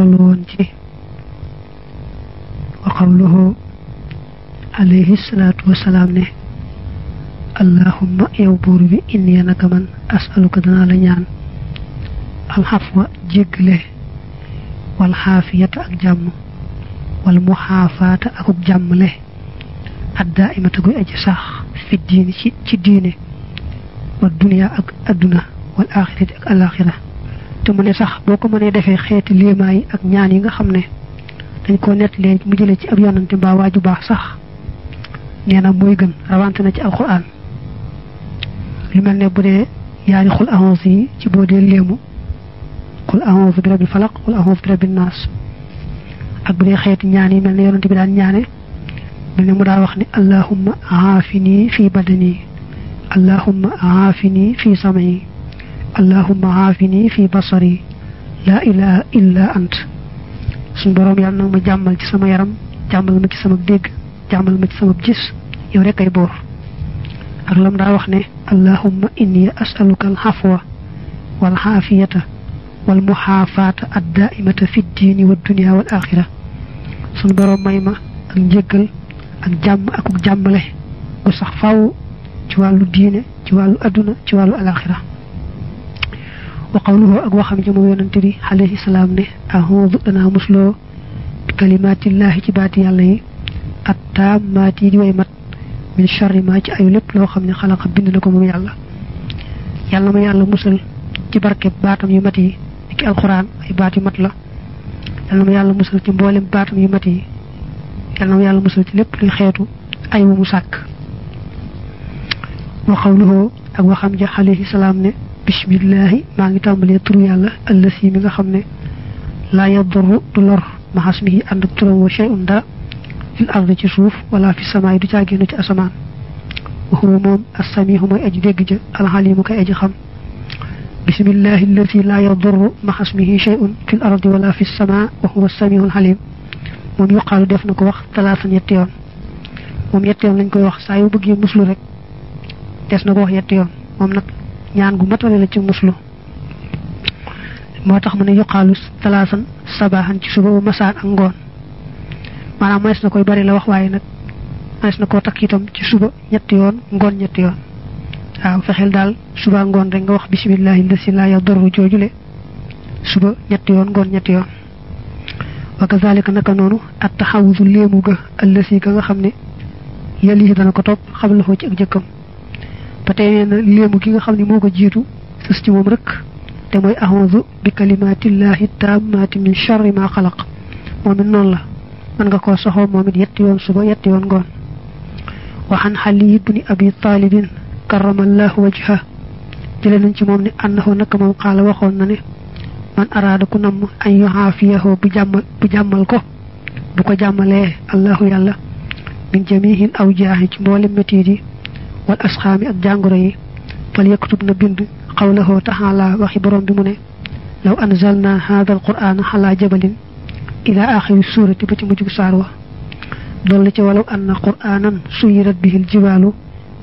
تلون جي وقوله عليه الصلاة والسلام نه اللهم يوبور بي إني أنا كمان أسألك دنا لنيان الحفوة جيقلة والحافية أكجام والمحافاة أكجام له الدائمة تقول أجساخ في الدين في الدين والدنيا أدنى والآخرة أك te mu ne sax boko ko mënee defee xeeti liimaa ak ñaan yi nga xamné dañ ko net leen mu jël ci ab yonante ba waju baax sax nee moy gën rawante na ci alquran li melne ne bu dee yaari xul ahonse ci bo dé lemu khul ahonse bi rabbil falaq khul ahonse bi rabbin nas ak bu dee xéti ñaan yi melne ne yonante bi daan ñaane melne mu da wax ni allahumma aafini fi badani allahumma aafini fi sam'i اللهم عافني في بصري لا اله الا انت سن بروم يال نما جامل سي سما يرام جامل ما سي سما ديغ جامل ما سي سما جيس يو ريك بور اك لام دا واخ اللهم اني اسالك الحفوه والعافيه والمحافاه الدائمه في الدين والدنيا والاخره سن بروم مايما اك جيغل اك جام اكو جامله كو صح فاو ci walu diine ci walu aduna ci walu alakhirah wa qawluhu ak waxam ja moom yonante bi alayhi salaam ne ahodu danaa musloo bi kalimaatillaahi ci baat yàlla yi at taammaat yi di mat min charri ci ayu lépp loo xam ne xalaqa bind na ko moom yàlla yàlla yàlla musal ci barke baatam yu mat yi ki alxuraan ay baat yu mat la yàlla yàlla musal ci mboolem baatam yu mat yi yàlla ma yàlla musal ci lépp luy xeetu ay wu mu sàkk wa qawluhu ak waxam ja alayhi salaam ne bismillahi maa ngi tàmbalee turu yàlla allasi mi nga xam ne laa yadurru du lor maxasmihi ànd ak turam wa shay'un dara fil ard ci suuf wala fi samaay du caagéenu ci asamaan waxuwa moom assamihu mooy aji dégg ja alxalimu koy aji xam bismillahi allasi laa yadurru maxasmihi shay'un fil ardi wala fi samaa waxuwa samihu alxalim moom yuqaalu def na ko wax talaata ñetti yoon moom ñetti yoon lañ koy wax saa yu bëggee muslu rek des na ko wax ñetti yoon moom nag ñaan gu matale la ci muslu moo tax ma ne yuqaalu talaasan sabaaxan ci suba ba masaan ak ngoon maanaam manees na koy bari la wax waaye nag manees na koo takk ci suba ñetti yoon ngoon ñetti yoon waaw fexeel daal suba ngoon rek nga wax bisimilahi lasi laa yadurru joojule suba ñetti yoon ngoon ñetti yoon wa kazalika naka noonu at taxawusu léemu ga allasi ga nga xam ne yàlla lii dana ko topp xamla ko ci ak jëkkam ba tey nee na léemu gi nga xam ni moo ko jiitu sës ci moom rek te mooy ahondu bi kalimatillahi taammaati min charri ma xalaq moom it noon la mën nga ko soxoo moom it yetti yoon suba yetti yoon ngoon waxan xali ibni abi taalibin karamallahu wajha jële nañ ci moom ne annahu naka moom xaala waxoon na ne man araada ku namm an yuxaafiyahoo bu jàmmal bu jàmmal ko bu ko jàmmalee allahu yàlla min jamihil aw jaahi ci mboole métiit yi والأسخام الجانغري فليكتب نبند قوله تعالى وحي بروم بمنى لو أنزلنا هذا القرآن على جبل إلى آخر السورة بتي مجو سارو دولت ولو أن قرآنا سيرت به الجبال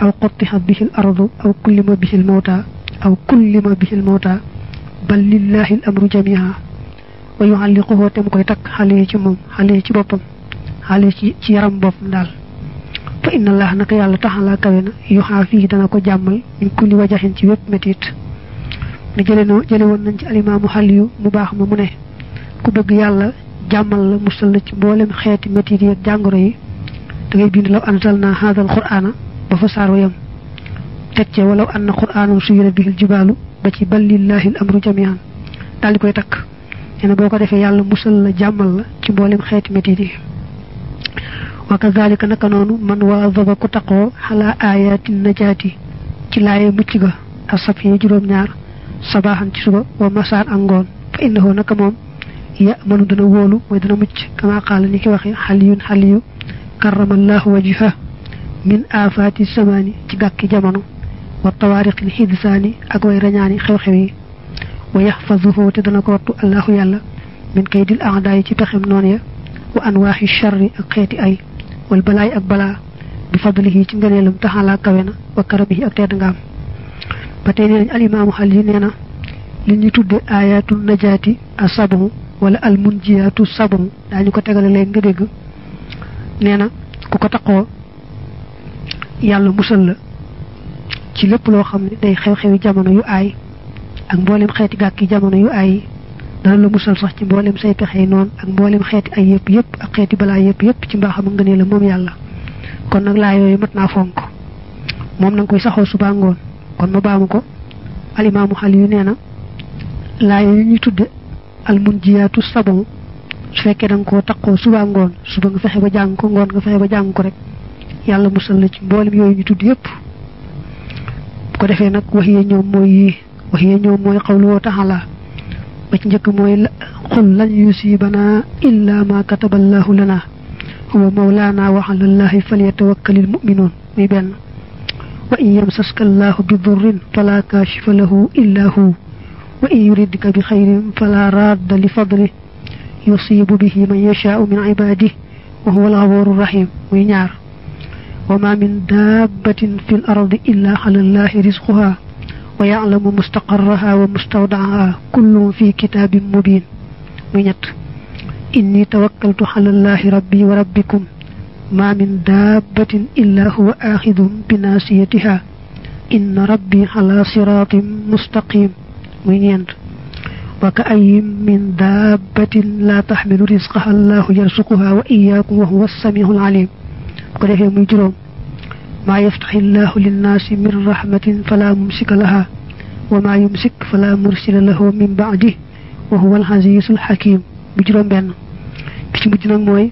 أو قطحت به الأرض أو كلم به الموتى أو كلم به الموتى بل لله الأمر جميعا ويعلقه تمكويتك حليه تموم حليه تبطم حليه تيرم بطم fa inna allah naka yàlla taxalaa kawe na yu xaa fii dana ko jàmmal ñu kulli wajaxin ci wépp metit ne jële noo jële woon nañ ci alimaamu xal yu mu baax ma mu ne ku bëgg yàlla jàmmal la musal la ci mboolem xeeti metit yi ak jàngoro yi da ngay bind law anzal naa haadal quraana ba fa saar wa yam teg ce walaw anna quraanan suyirat bihil jibaalu ba ci bal lillahi l amru jamian daal di koy takk nee na boo ko defee yàlla musal la jàmmal la ci mboolem xeeti metit yi وكذلك نكنون من واظب كتقو على آيات النجاة تلاي مجيغا الصفي جروم نار صباحا تشبا ومساء أنغون فإنه نكموم يأمن دنوولو ويدن مجي كما قال نيكي وخي حلي حلي كرم الله وجهه من آفات السماني تقاكي جمانو والطوارق الحدثاني أقوي رنياني خيوخيوي ويحفظه تدنكو الله يالا من كيد الأعداء تتخم نونيا وأنواع الشر أقيت أي wal balaay ak balaa bi fadlihi ci ngëneelam taxalaa kawe na wa karamihi ak tedd nga am ba tey nee nañ alimaamu xal yi nee na li ñu tudde ayaatu najaati a sabahu wala almunjiyaatu sabahu daañu ko tegale léegi nga dégg nee na ku ko taqoo yàlla musal la ci lépp loo xam ne day xew-xewi jamono yu aay ak mboolem xeeti gàkki jamono yu aay dara la musal sax ci mboolem say pexey non ak mboolem xeeti ay yëpp yëpp ak xeeti bala yëpp yëpp ci mbaxam nga la kon nak la yoy matna fonk mom nang koy saxo suba ngoon kon ma baamu ko imam khal yu neena la yoy ñu tudde al munjiyatu sabon su fekke dang ko takko suba suba nga ba jang ko ngoon nga fexe ba jang ko rek yalla musal na ci mboolem yoy ñu tudde yëpp ko defé nak wahiyé ñom moy wahiyé ñom moy ba ci njëkk mooy xul lan yusibana illa ma kataballahu lana huwa mawlana wa ala llahi falyatawakkalil mu'minun muy benn wa in yamsaska allahu bi durrin fala kashifa lahu illa hu wa in yuridka bi khairin fala radda li fadli yusibu bihi man yasha'u min ibadihi wa huwa al-ghafurur rahim muy ñaar wa ma min dabbatin fil ardi illa ala llahi rizquha ويعلم مستقرها ومستودعها كل في كتاب مبين نيت إني توكلت على الله ربي وربكم ما من دابة إلا هو آخذ بناسيتها إن ربي على صراط مستقيم وينت وكأي من دابة لا تحمل رزقها الله يرزقها وإياكم وهو السميع العليم قل هي مجرم ما يفتح الله للناس من رحمة فلا ممسك لها وما يمسك فلا مرسل له من بعده وهو العزيز الحكيم بجرم بن كي مجنا موي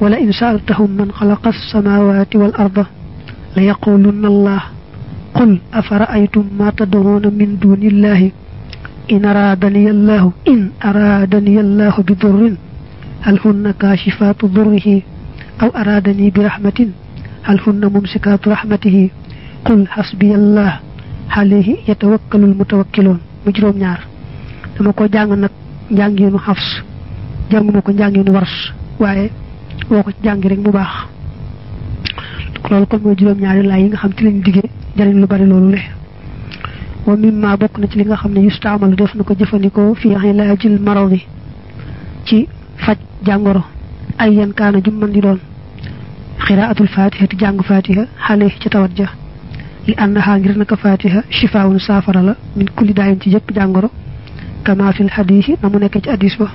ولا إن سألتهم من خلق السماوات والأرض ليقولن الله قل أفرأيتم ما تدعون من دون الله إن أرادني الله إن أرادني الله بضر هل هن كاشفات ضره أو أرادني برحمة الفن ممسكات رحمته قل حسبي الله عليه يتوكل المتوكلون مجروم ñaar dama ko jang nak janginu hafs janguma ko janginu wars waye boko jang rek mu bax lol ko mo juroom ñaari lay yi nga xam ci lañu digge jariñ lu bari lolou le wa mimma bok na ci li nga ne yustamal def nako jëfëndiko fi hilajil maradi ci faj jangoro ay yan kana jum xiraatul fatiha ti jàng fatiha xale ci tawat ja li annaha ngir naka fatiha shifaawun saafara la min kulli daayin ci yëpp jàngoro kama fil xadiis na mu nekkee ci hadis ba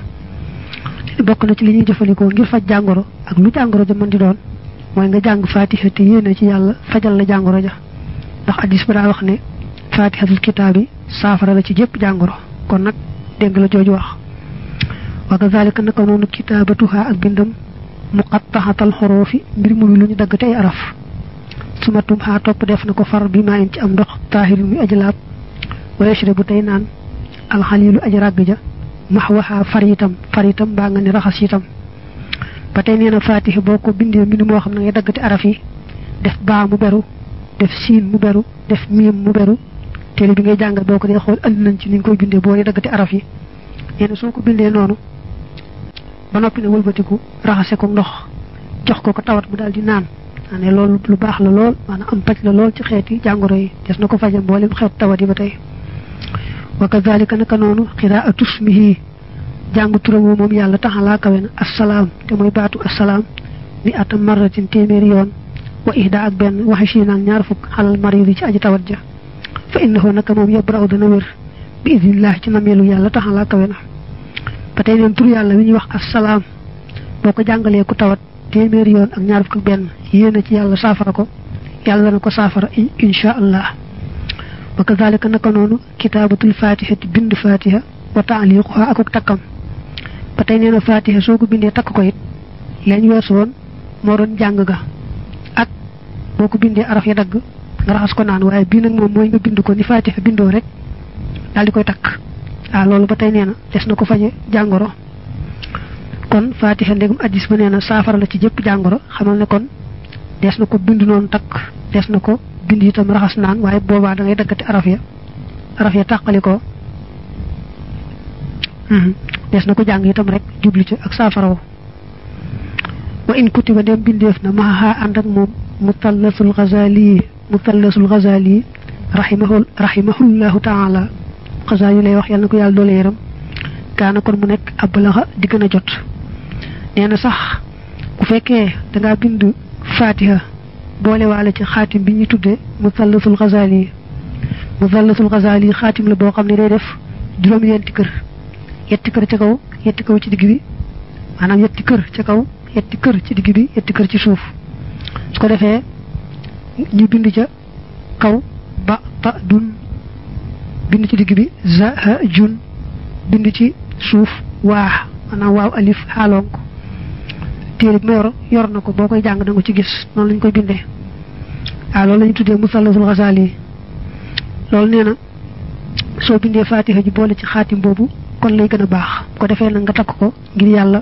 bokk na ci li ñuy jëfandikoo ngir faj jàngoro ak lu jàngoro ja mën di doon mooy nga jàng fatiha te yéene ci yàlla fajal la jàngoro ja ndax hadis ba daa wax ne fatihatul kitaab saafara la ci yëpp jàngoro kon nag dégg la jooju wax wa kazalika naka noonu kitaabatuha ak bindam مقطعات الحروف بير مولي لوني دغ تاي عرف سما توم ها توب ديف نكو فار بما ان تي ام دوخ طاهر مي اجلاب ويشرب تاي نان الخليل اجراغ جا محوها فريتم فريتم باغ ني رخصيتم باتاي نينا فاتح بوكو بيندي مي مو خم نغي دغ تي عرفي ديف با مو بيرو ديف سين مو بيرو ديف ميم مو بيرو تيلي بيغي جانغ بوكو دي خول ان نان تي نينكو بيندي بوري دغ تي عرفي ينا سوكو بيندي نونو ba noppi ne wëlbatiku raxase ko ndox jox ko ko tawat bu dal di naan ane loolu lu baax la lool maanaam am paj la lool ci xeeti jàngoro yi des na ko faje mboolem xeet tawat yi ba tey wa kadhalika naka noonu qiraa'atu ismihi jàng turam wu moom yàlla taxalaa kawe na assalaam te mooy baatu assalaam ni ata marratin téeméeri yoon wa ihda ak benn waxe chinaan ñaar fukk xalal marid yi ci aji tawat ja fa innahu naka moom yabra'u dana wér bi idnillah ci namelu yàlla taxalaa kawe na ba tey neen tur yàlla ñuy wax assalaam boo ko jàngalee ku tawat téeméeri yoon ak ñaar fukk yéena ci yàlla saafara ko yàlla na ko saafara insha allah wa kazalika naka noonu kitaabatul fatihati bind fatiha wa taaliquha ak ak takkam ba tey nee na fatiha soo ko bindee takk ko it lañ weesu woon moo doon jàng ga ak boo ko bindee araf ya dagg nga ko naan waaye bii nag moom mooy nga bind ko ni fatiha bindoo rek daal di koy takk ah loolu ba tey nee na des na ko faje jàngoro kon fatiha ndegum addis ba nee na saafara la ci jëpp jàngoro xamal ne kon des na ko bind noonu takk des na ko bind tam raxas naan waaye boobaa dangay ngay daggati araf ya araf ya tàqali ko hmm, des na ko jàng itam rek jubli ci ak saafara saafaraw wa in kutiba dem bindeef na maha ànd ak moom mutallasul xazali mutallasul xazali rahimahu rahimahullahu taala xasaa yu lay wax yàlla na ko yàlla doole yaram kaana mu nekk ab balaxa di gën a jot nee na sax bu fekkee da ngaa bind fatiha boole waale ci xaatim bi ñuy tuddee musallasul xasaali yi musallasul xasaali yi xaatim la boo xam ne day def juróom-ñeenti kër yetti kër ca kaw yetti kaw ci digg bi maanaam yetti kër ca kaw yetti kër ci digg bi yetti kër ci suuf su ko defee ñu bind ca kaw ba ba dun bind ci digg bi za ha jun bind ci suuf waax na waaw alif xaaloon ko téere bi ma yor yor na ko boo koy jàng da ci gis noonu lañ koy bindee waaw loolu la ñu tuddee musallasul xasaali yi loolu nee na soo bindee fatiha ji boole ci xaatim boobu kon lay gën a baax ko defee nag nga takk ko ngir yàlla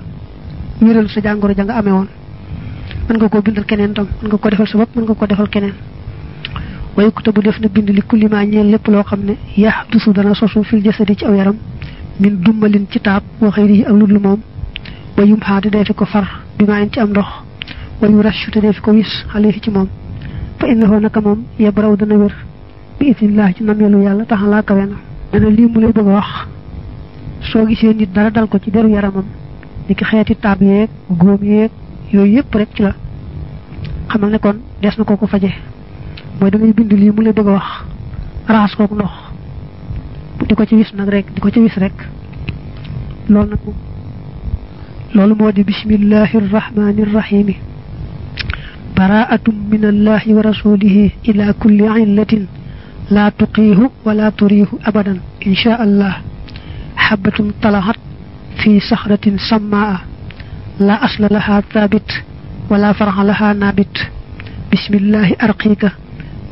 wéral sa jàngoro ja nga amee woon mën nga koo bindal keneen tam mën nga ko defal sa bopp mën nga koo defal keneen wa bu def na bind li kulli ma ñeel lépp loo xam ne yaxdusu dana sosu fil jasadi ci aw yaram min dummalin ci taab wa xëyri ak ludul moom wa yum xaate dee fi ko far bi maa ci am ndox wa yu rashu te dee fi ko wis xale fi ci moom fa innahu naka moom yabraw dana wér bi idnillah ci nameelu yàlla tax laa kawe na dana lii mu lay bëgg a wax soo gisee nit dara dal ko ci deru yaramam ni ki xeeti taab yeeg góom yeeg yooyu yëpp rek ci la xamal ne kon des na ko ko faje mooy da ngay bind lii mu la bëgg a wax raxas koog ndox di ko ci wis nag rek di ko ci wis rek loolu nag loolu moo di bismillahi rrahmani rrahimi baraatum min allahi wa rasulihi ila kulli illatin la tuqiihu wala turiihu abadan insha allah xabatun talaxat fi saxratin sammaa la asla laha thabit wala faraxa laha naabit bismillahi arqiika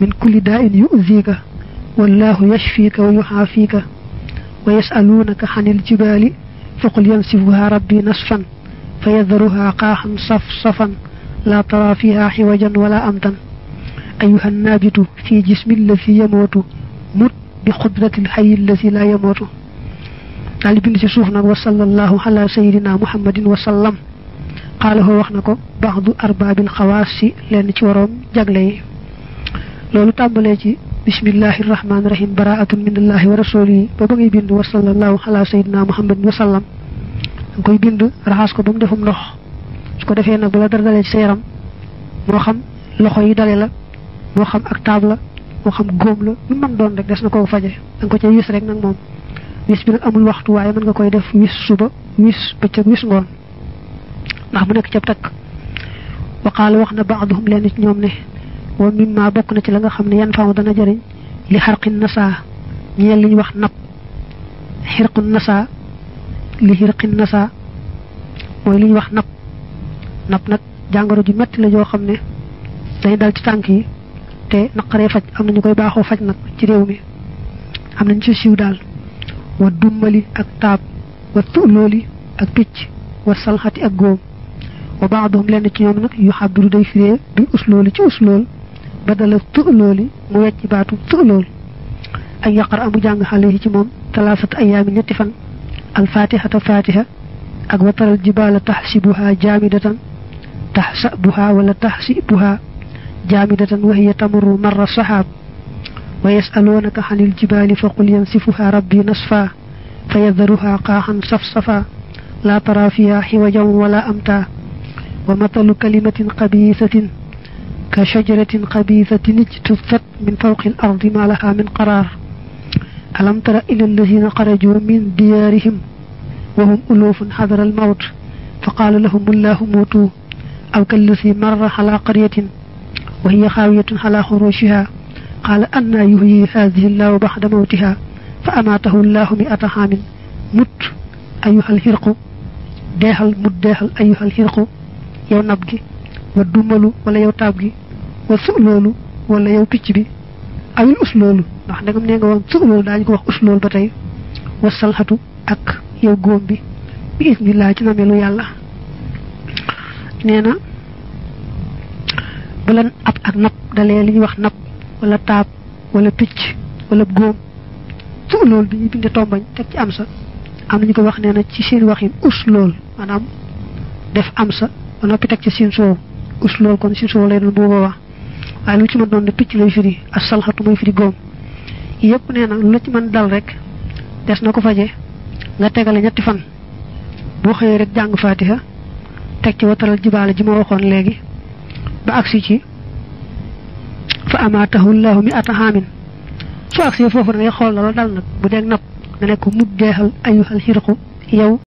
من كل داء يؤذيك والله يشفيك ويعافيك ويسألونك عن الجبال فقل ينسفها ربي نصفا فيذرها قاحا صفصفا لا ترى فيها حوجا ولا أمتا أيها النابت في جسم الذي يموت مت بقدرة الحي الذي لا يموت علي ابن ci وصلى الله على سيدنا محمد وسلم قال هو sallam بعض أرباب الخواص na ko جغليه loolu tàmbalee ci bismillahi rahmaani rahim baraatun minallahi wa rasulihi ba ba ngay bind wa sallallahu ala sayyidina muhammadin wa sallam nga koy bind raxas ko ba mu defum ndox su ko defee nag bu la dara dalee ci sa yaram moo xam loxo yi dale la moo xam ak taab la moo xam góom la lu mën doon rek des na koo faje da ko ca wis rek nag moom wis bi nag amul waxtu waaye mën nga koy def wis suba wis bëccëg wis ngoon ndax bu nekk ca takk waqaala wax na baaduhum leen ci ñoom ne wa mimma bokk na ci la nga xam ne yan faaw dana jëriñ li xarqin nasaa ñeel li ñu wax napp xirqun nasaa li xirqin nasaa mooy li ñu wax napp napp nag jàngoro ji metti la joo xam ne day dal ci tànk yi te naqaree faj am na ñu koy baaxoo faj nag ci réew mi am nañ ci siiw daal wa dummali ak taab wa tulooli ak picc wa salxati ak góom wa baax doom lenn ci ñoom nag yu xabdiru day firee bi uslooli ci uslool badala tu'looli mu wecc baatu tu'lool ay yaqar amu jàng xale yi ci moom talaasat ayaami ñetti fan alfatihata fatiha ak wataral jibaala taxsibuha jaamidatan taxsabuha wala taxsibuha jaamidatan wa hiya tamurru marra saxaab wa yasaluunaka xanil jibaali fa qul yansifuha rabbi nasfa fa yadaruha qaaxan safsafa laa tara fiha xiwajan wala amta wa matalu kalimatin qabiisatin كشجرة خبيثة اجتثت من فوق الأرض ما لها من قرار ألم تر إلى الذين خرجوا من ديارهم وهم ألوف حذر الموت فقال لهم الله موتوا أو كالذي مر على قرية وهي خاوية على خروشها قال أنا يهيي هذه الله بعد موتها فأماته الله مئة عام مت أيها الهرق داهل مت داهل أيها الهرق يا نبجي ودملو ولا يو wa su loolu wala yow picc bi awil us loolu ndax ndegam nee nga woon su loolu daañu ko wax us lool ba tey wa ak yow bi bi isnillah ci namelu yàlla nee na bu lan ab ak wax nap wala taab wala picc wala góom su loolu bi ñu binde tombañ teg ci am sa am na ñu ko wax nee na ci seen waxin us lool maanaam def am sa ba noppi teg ci siin soow us lool kon siin soow lay doon bu boobaa waaye lu ci mën doon ne picc lay firi ak salxatu mooy firi góom yëpp nee na lu ci mën dal rek des na ko faje nga tegale ñetti fan boo xëyee rek jàng faatiha teg ci wataral jibaale ji ma waxoon léegi ba agsi ci fa amaatahu llahu mi ata haamin su foofu da xool la dal nag bu dee napp nga nekk mujjeexal ayuhal xirqu yow